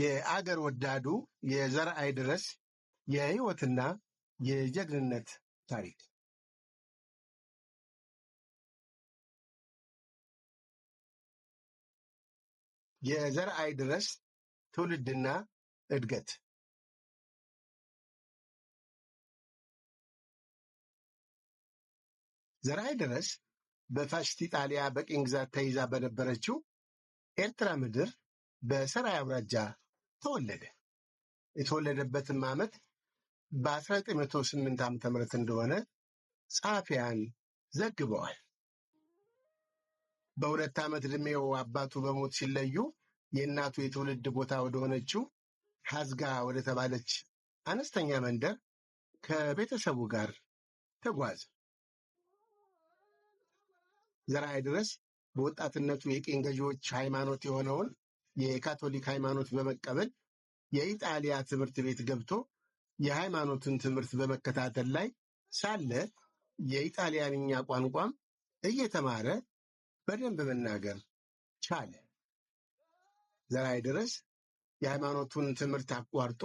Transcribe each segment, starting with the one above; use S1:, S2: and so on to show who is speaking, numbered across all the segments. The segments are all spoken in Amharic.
S1: የአገር ወዳዱ የዘርአይ ድረስ የህይወትና የጀግንነት ታሪክ የዘርአይ ድረስ ትውልድና እድገት ዘርአይ ድረስ በፋሽት ኢጣሊያ በቅኝ ግዛት ተይዛ በነበረችው ኤርትራ ምድር በሰራይ አውራጃ ተወለደ። የተወለደበትም ዓመት በ1908 ዓ ም እንደሆነ ጸሐፊያን ዘግበዋል። በሁለት ዓመት ዕድሜው አባቱ በሞት ሲለዩ የእናቱ የትውልድ ቦታ ወደሆነችው ሐዝጋ ወደተባለች አነስተኛ መንደር ከቤተሰቡ ጋር ተጓዘ። ዘራይ ድረስ በወጣትነቱ የቅኝ ገዢዎች ሃይማኖት የሆነውን የካቶሊክ ሃይማኖት በመቀበል የኢጣሊያ ትምህርት ቤት ገብቶ የሃይማኖትን ትምህርት በመከታተል ላይ ሳለ የኢጣሊያንኛ ቋንቋም እየተማረ በደንብ መናገር ቻለ። ዘራይ ድረስ የሃይማኖቱን ትምህርት አቋርጦ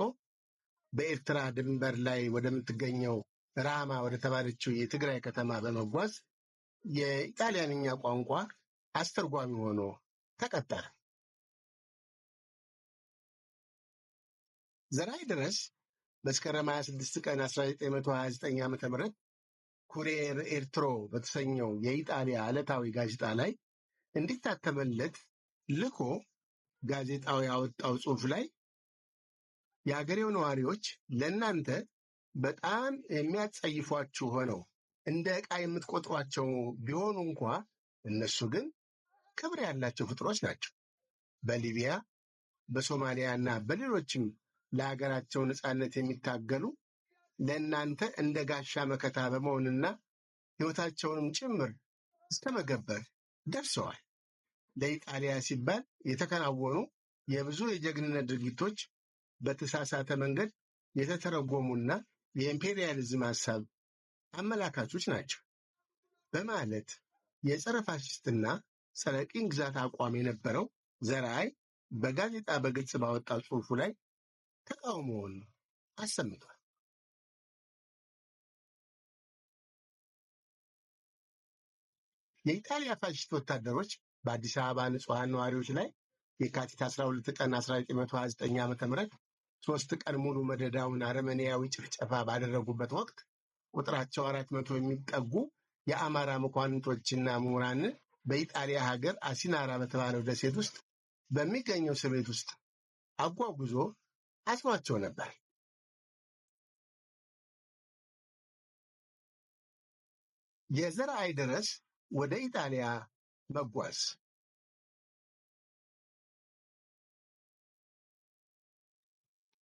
S1: በኤርትራ ድንበር ላይ ወደምትገኘው ራማ ወደተባለችው የትግራይ ከተማ በመጓዝ የኢጣሊያንኛ ቋንቋ አስተርጓሚ ሆኖ ተቀጠረ። ዘራይ ድረስ መስከረም 26 ቀን 1929 ዓ ም ኩሬር ኤርትሮ በተሰኘው የኢጣሊያ ዕለታዊ ጋዜጣ ላይ እንዲታተመለት ልኮ ጋዜጣው ያወጣው ጽሑፍ ላይ የአገሬው ነዋሪዎች ለእናንተ በጣም የሚያጸይፏችሁ ሆነው እንደ ዕቃ የምትቆጥሯቸው ቢሆኑ እንኳ እነሱ ግን ክብር ያላቸው ፍጥሮች ናቸው። በሊቢያ በሶማሊያ እና በሌሎችም ለሀገራቸው ነፃነት የሚታገሉ ለእናንተ እንደ ጋሻ መከታ በመሆንና ሕይወታቸውንም ጭምር እስከ መገበር ደርሰዋል። ለኢጣሊያ ሲባል የተከናወኑ የብዙ የጀግንነት ድርጊቶች በተሳሳተ መንገድ የተተረጎሙና የኢምፔሪያሊዝም ሀሳብ አመላካቾች ናቸው በማለት የጸረ ፋሽስትና ጸረ ግዛት አቋም የነበረው ዘርአይ በጋዜጣ በግልጽ ባወጣ ጽሑፉ ላይ ተቃውሞውን አሰምቷል የኢጣሊያ ፋሽስት ወታደሮች በአዲስ አበባ ንጹሐን ነዋሪዎች ላይ የካቲት 12 ቀን 1929 ዓ ም ሶስት ቀን ሙሉ መደዳውን አረመኔያዊ ጭፍጨፋ ባደረጉበት ወቅት ቁጥራቸው አራት መቶ የሚጠጉ የአማራ መኳንንቶችና ምሁራን በኢጣሊያ ሀገር አሲናራ በተባለው ደሴት ውስጥ በሚገኘው እስር ቤት ውስጥ አጓጉዞ አስሯቸው ነበር። የዘርአይ ድረስ ወደ ኢጣሊያ መጓዝ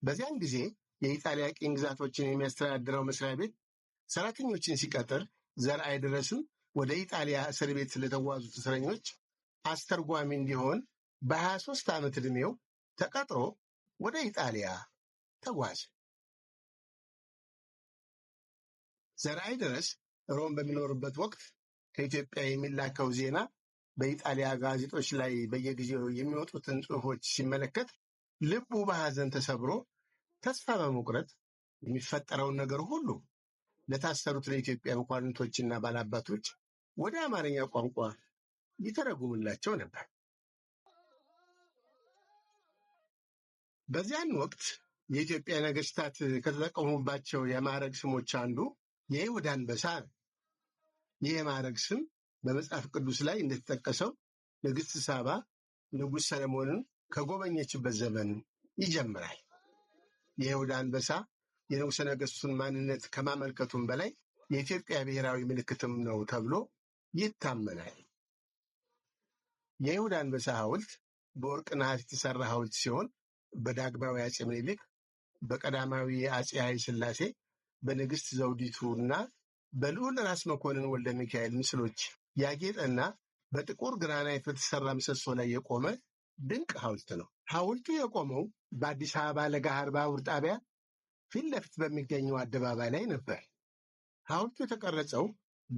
S1: በዚያን ጊዜ የኢጣሊያ ቅኝ ግዛቶችን የሚያስተዳድረው መስሪያ ቤት ሰራተኞችን ሲቀጥር ዘርአይ ድረሱን ወደ ኢጣሊያ እስር ቤት ስለተዋዙት እስረኞች አስተርጓሚ እንዲሆን በ23 ዓመት ዕድሜው ተቀጥሮ ወደ ኢጣሊያ ተጓዘ። ዘርአይ ድረስ ሮም በሚኖርበት ወቅት ከኢትዮጵያ የሚላከው ዜና በኢጣሊያ ጋዜጦች ላይ በየጊዜው የሚወጡትን ጽሑፎች ሲመለከት ልቡ በሐዘን ተሰብሮ ተስፋ በመቁረጥ የሚፈጠረውን ነገር ሁሉ ለታሰሩት ለኢትዮጵያ መኳንንቶችና ባላባቶች ወደ አማርኛ ቋንቋ ይተረጉምላቸው ነበር። በዚያን ወቅት የኢትዮጵያ ነገስታት ከተጠቀሙባቸው የማዕረግ ስሞች አንዱ የይሁዳ አንበሳ ነው። ይህ የማዕረግ ስም በመጽሐፍ ቅዱስ ላይ እንደተጠቀሰው ንግሥት ሳባ ንጉሥ ሰለሞንን ከጎበኘችበት ዘመን ይጀምራል። የይሁዳ አንበሳ የንጉሠ ነገሥቱን ማንነት ከማመልከቱም በላይ የኢትዮጵያ ብሔራዊ ምልክትም ነው ተብሎ ይታመናል። የይሁዳ አንበሳ ሐውልት በወርቅ ነሐስ የተሠራ ሐውልት ሲሆን በዳግማዊ አጼ ምኒልክ፣ በቀዳማዊ አጼ ኃይለ ሥላሴ፣ በንግሥት ዘውዲቱ እና በልዑል ራስ መኮንን ወልደ ሚካኤል ምስሎች ያጌጠና በጥቁር ግራናይት በተሰራ ምሰሶ ላይ የቆመ ድንቅ ሐውልት ነው። ሐውልቱ የቆመው በአዲስ አበባ ለገሃር ባቡር ጣቢያ ፊት ለፊት በሚገኘው አደባባይ ላይ ነበር። ሐውልቱ የተቀረጸው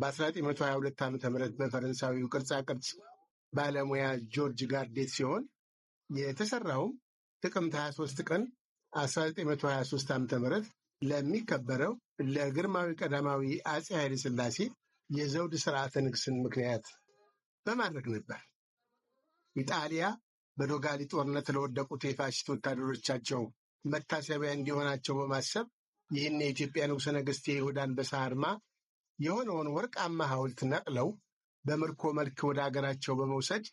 S1: በ1922 ዓ ም በፈረንሳዊው ቅርጻቅርጽ ባለሙያ ጆርጅ ጋርዴት ሲሆን የተሰራውም ጥቅምት 23 ቀን 1923 ዓ ም ለሚከበረው ለግርማዊ ቀዳማዊ አፄ ኃይለ ሥላሴ የዘውድ ስርዓተ ንግስን ምክንያት በማድረግ ነበር። ኢጣሊያ በዶጋሊ ጦርነት ለወደቁት የፋሽስት ወታደሮቻቸው መታሰቢያ እንዲሆናቸው በማሰብ ይህን የኢትዮጵያ ንጉሠ ነገሥት የይሁዳ አንበሳ አርማ የሆነውን ወርቃማ ሐውልት ነቅለው በምርኮ መልክ ወደ አገራቸው በመውሰድ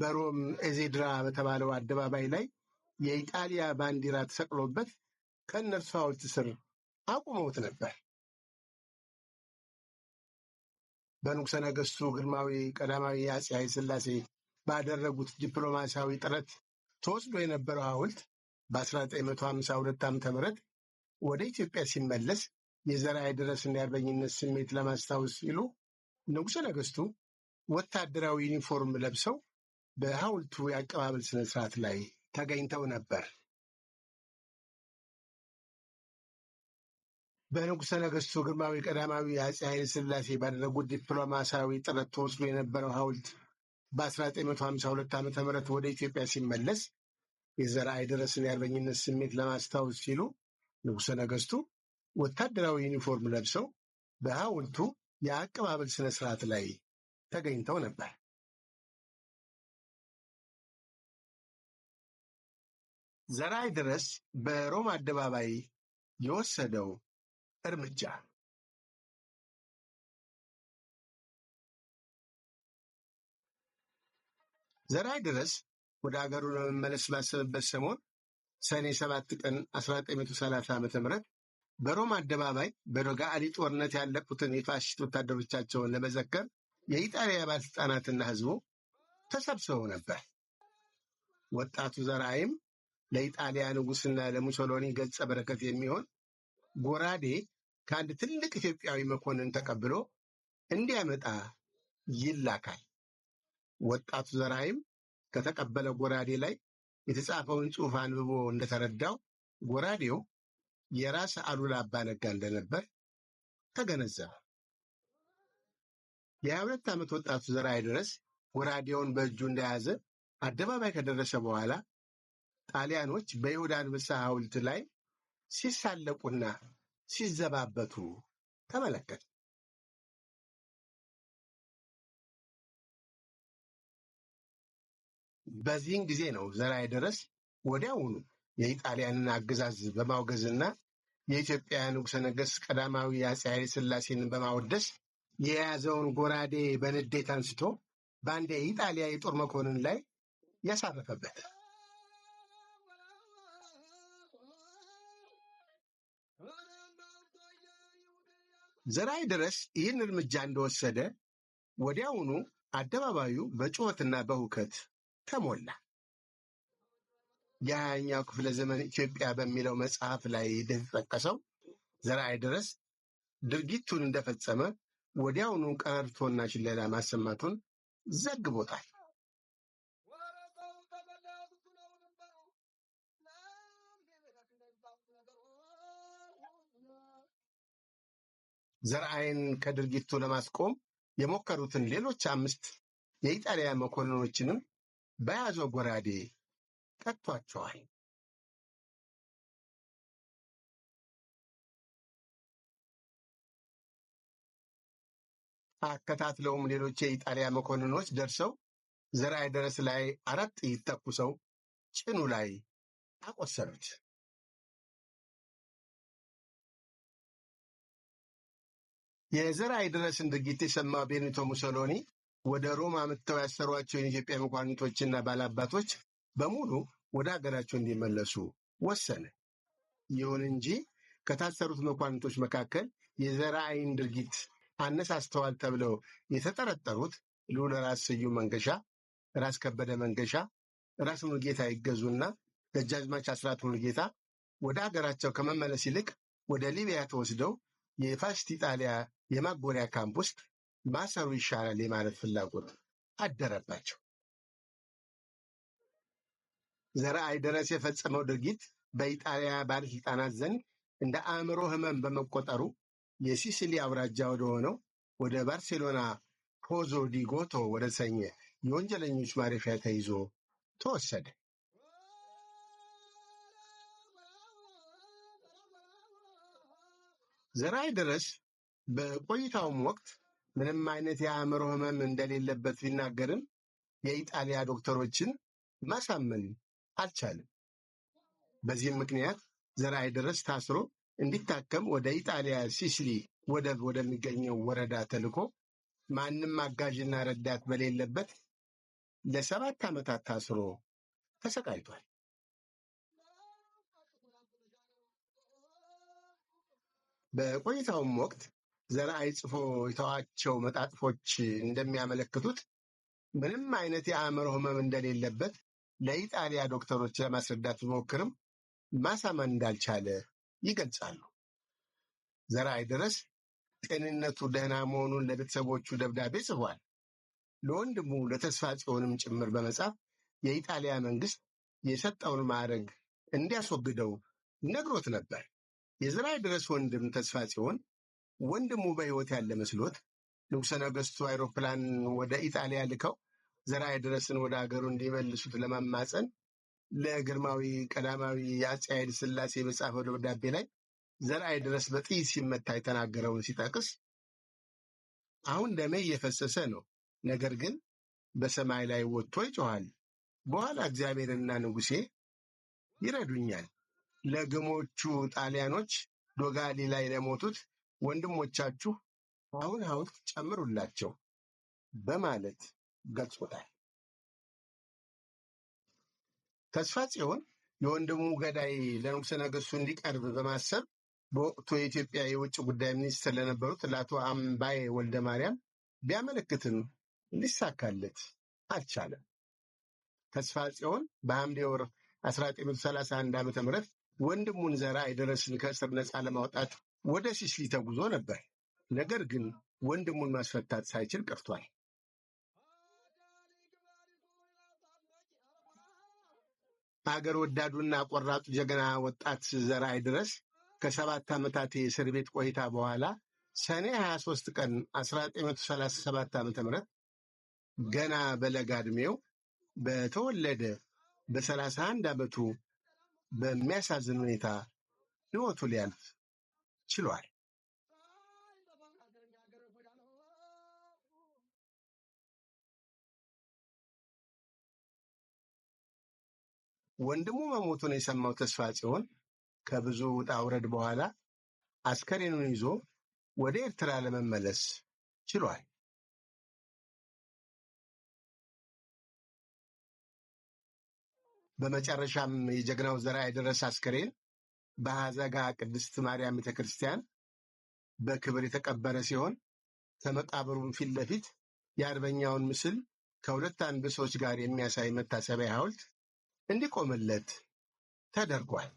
S1: በሮም ኤዜድራ በተባለው አደባባይ ላይ የኢጣሊያ ባንዲራ ተሰቅሎበት ከእነርሱ ሐውልት ስር አቁመውት ነበር። በንጉሠ ነገሥቱ ግርማዊ ቀዳማዊ አፄ ኃይለሥላሴ ባደረጉት ዲፕሎማሲያዊ ጥረት ተወስዶ የነበረው ሐውልት በ1952 ዓ ም ወደ ኢትዮጵያ ሲመለስ የዘርዓ ድረስና ያርበኝነት ስሜት ለማስታወስ ሲሉ ንጉሠ ነገሥቱ ወታደራዊ ዩኒፎርም ለብሰው በሐውልቱ የአቀባበል ስነስርዓት ላይ ተገኝተው ነበር። በንጉሠ ነገሥቱ ግርማዊ ቀዳማዊ አፄ ኃይለ ሥላሴ ባደረጉት ዲፕሎማሲያዊ ጥረት ተወስዶ የነበረው ሐውልት በ1952 ዓ ም ወደ ኢትዮጵያ ሲመለስ የዘራ አይደረስን የአርበኝነት ስሜት ለማስታወስ ሲሉ ንጉሠ ነገሥቱ ወታደራዊ ዩኒፎርም ለብሰው በሐውልቱ የአቀባበል ሥነ ሥርዓት ላይ ተገኝተው ነበር። ዘራይ ድረስ በሮም አደባባይ የወሰደው እርምጃ ዘራይ ድረስ ወደ አገሩ ለመመለስ ባሰበበት ሰሞን ሰኔ 7 ቀን 1930 ዓ ም በሮም አደባባይ በዶጋአሊ ጦርነት ያለቁትን የፋሽስት ወታደሮቻቸውን ለመዘከር የኢጣሊያ ባለሥልጣናትና ሕዝቡ ተሰብስበው ነበር። ወጣቱ ዘራይም ለኢጣሊያ ንጉስና ለሙሶሎኒ ገጸ በረከት የሚሆን ጎራዴ ከአንድ ትልቅ ኢትዮጵያዊ መኮንን ተቀብሎ እንዲያመጣ ይላካል። ወጣቱ ዘራይም ከተቀበለ ጎራዴ ላይ የተጻፈውን ጽሑፍ አንብቦ እንደተረዳው ጎራዴው የራስ አሉላ አባነጋ እንደነበር ተገነዘበ። የሀያ ሁለት ዓመት ወጣቱ ዘራይ ድረስ ጎራዴውን በእጁ እንደያዘ አደባባይ ከደረሰ በኋላ ጣሊያኖች በይሁዳ አንበሳ ሐውልት ላይ ሲሳለቁና ሲዘባበቱ ተመለከት በዚህን ጊዜ ነው ዘርዓ ያደረስ ወዲያውኑ የኢጣሊያንን አገዛዝ በማውገዝና የኢትዮጵያ ንጉሠ ነገሥት ቀዳማዊ አፄ ኃይለ ሥላሴን በማወደስ የያዘውን ጎራዴ በንዴት አንስቶ በአንድ የኢጣሊያ የጦር መኮንን ላይ ያሳረፈበት ዘራይ ድረስ ይህን እርምጃ እንደወሰደ ወዲያውኑ አደባባዩ በጩኸትና በሁከት ተሞላ። የሀያኛው ክፍለ ዘመን ኢትዮጵያ በሚለው መጽሐፍ ላይ እንደተጠቀሰው ዘራይ ድረስ ድርጊቱን እንደፈጸመ ወዲያውኑ ቀረርቶና ሽለላ ማሰማቱን ዘግቦታል። ዘርአይን ከድርጊቱ ለማስቆም የሞከሩትን ሌሎች አምስት የኢጣሊያ መኮንኖችንም በያዘው ጎራዴ ቀጥቷቸዋል። አከታትለውም ሌሎች የኢጣሊያ መኮንኖች ደርሰው ዘርአይ ደረስ ላይ አራት ጥይት ተኩሰው ጭኑ ላይ አቆሰሉት። የዘር አይድረስን ድርጊት የሰማ ቤኒቶ ሙሶሎኒ ወደ ሮም አምጥተው ያሰሯቸውን የኢትዮጵያ መኳንቶችና ባላባቶች በሙሉ ወደ አገራቸው እንዲመለሱ ወሰነ። ይሁን እንጂ ከታሰሩት መኳንቶች መካከል የዘራ አይን ድርጊት አነሳስተዋል ተብለው የተጠረጠሩት ልዑል ራስ ስዩም መንገሻ፣ ራስ ከበደ መንገሻ፣ ራስ ሙሉጌታ ይገዙና ደጃዝማች አስራት ሙሉጌታ ወደ አገራቸው ከመመለስ ይልቅ ወደ ሊቢያ ተወስደው የፋሽስት ኢጣሊያ የማጎሪያ ካምፕ ውስጥ ማሰሩ ይሻላል የማለት ፍላጎት አደረባቸው። ዘርአይ ደረስ የፈጸመው ድርጊት በኢጣሊያ ባለስልጣናት ዘንድ እንደ አእምሮ ህመም በመቆጠሩ የሲሲሊ አውራጃ ወደሆነው ወደ ባርሴሎና ፖዞ ዲጎቶ ሰኘ የወንጀለኞች ማረፊያ ተይዞ ተወሰደ። ዘራይ ድረስ በቆይታውም ወቅት ምንም አይነት የአእምሮ ህመም እንደሌለበት ቢናገርም የኢጣሊያ ዶክተሮችን ማሳመን አልቻለም። በዚህም ምክንያት ዘራይ ድረስ ታስሮ እንዲታከም ወደ ኢጣሊያ ሲሲሊ ወደብ ወደሚገኘው ወረዳ ተልኮ ማንም አጋዥና ረዳት በሌለበት ለሰባት ዓመታት ታስሮ ተሰቃይቷል። በቆይታውም ወቅት ዘርአይ ጽፎ የተዋቸው መጣጥፎች እንደሚያመለክቱት ምንም አይነት የአእምሮ ህመም እንደሌለበት ለኢጣሊያ ዶክተሮች ለማስረዳት ቢሞክርም ማሳመን እንዳልቻለ ይገልጻሉ። ዘርአይ ድረስ ጤንነቱ ደህና መሆኑን ለቤተሰቦቹ ደብዳቤ ጽፏል። ለወንድሙ ለተስፋ ጽዮንም ጭምር በመጻፍ የኢጣሊያ መንግስት የሰጠውን ማዕረግ እንዲያስወግደው ነግሮት ነበር። የዘራ ድረስ ወንድም ተስፋ ሲሆን ወንድሙ በህይወት ያለ መስሎት ንጉሠ ነገሥቱ አይሮፕላን ወደ ኢጣሊያ ልከው ዘራ ድረስን ወደ አገሩ እንዲመልሱት ለማማፀን ለግርማዊ ቀዳማዊ አፄ ኃይለ ሥላሴ በጻፈው ደብዳቤ ላይ ዘራ ድረስ በጥይት ሲመታ የተናገረውን ሲጠቅስ አሁን ደሜ እየፈሰሰ ነው፣ ነገር ግን በሰማይ ላይ ወጥቶ ይጮኋል። በኋላ እግዚአብሔርና ንጉሴ ይረዱኛል ለግሞቹ ጣሊያኖች ዶጋሊ ላይ ለሞቱት ወንድሞቻችሁ አሁን ሐውልት ጨምሩላቸው በማለት ገልጾታል። ተስፋ ጽዮን የወንድሙ ገዳይ ለንጉሠ ነገሥቱ እንዲቀርብ በማሰብ በወቅቱ የኢትዮጵያ የውጭ ጉዳይ ሚኒስትር ለነበሩት ለአቶ አምባዬ ወልደ ማርያም ቢያመለክትም ሊሳካለት አልቻለም። ተስፋ ጽዮን በሐምሌ ወር 1931 ዓ ም ወንድሙን ዘራ የደረስን ከእስር ነፃ ለማውጣት ወደ ሲሲሊ ተጉዞ ነበር። ነገር ግን ወንድሙን ማስፈታት ሳይችል ቀርቷል። አገር ወዳዱና ቆራጡ ጀግና ወጣት ዘርአይ ድረስ ከሰባት ዓመታት የእስር ቤት ቆይታ በኋላ ሰኔ 23 ቀን 1937 ዓ ም ገና በለጋ ዕድሜው በተወለደ በ31 ዓመቱ በሚያሳዝን ሁኔታ ህይወቱ ሊያልፍ ችሏል። ወንድሙ መሞቱን የሰማው ተስፋ ጽዮን ከብዙ ውጣ ውረድ በኋላ አስከሬኑን ይዞ ወደ ኤርትራ ለመመለስ ችሏል። በመጨረሻም የጀግናው ዘርዓ የደረሰ አስከሬን በአዘጋ ቅድስት ማርያም ቤተክርስቲያን በክብር የተቀበረ ሲሆን ከመቃብሩም ፊት ለፊት የአርበኛውን ምስል ከሁለት አንበሶች ጋር የሚያሳይ መታሰቢያ ሐውልት እንዲቆምለት ተደርጓል።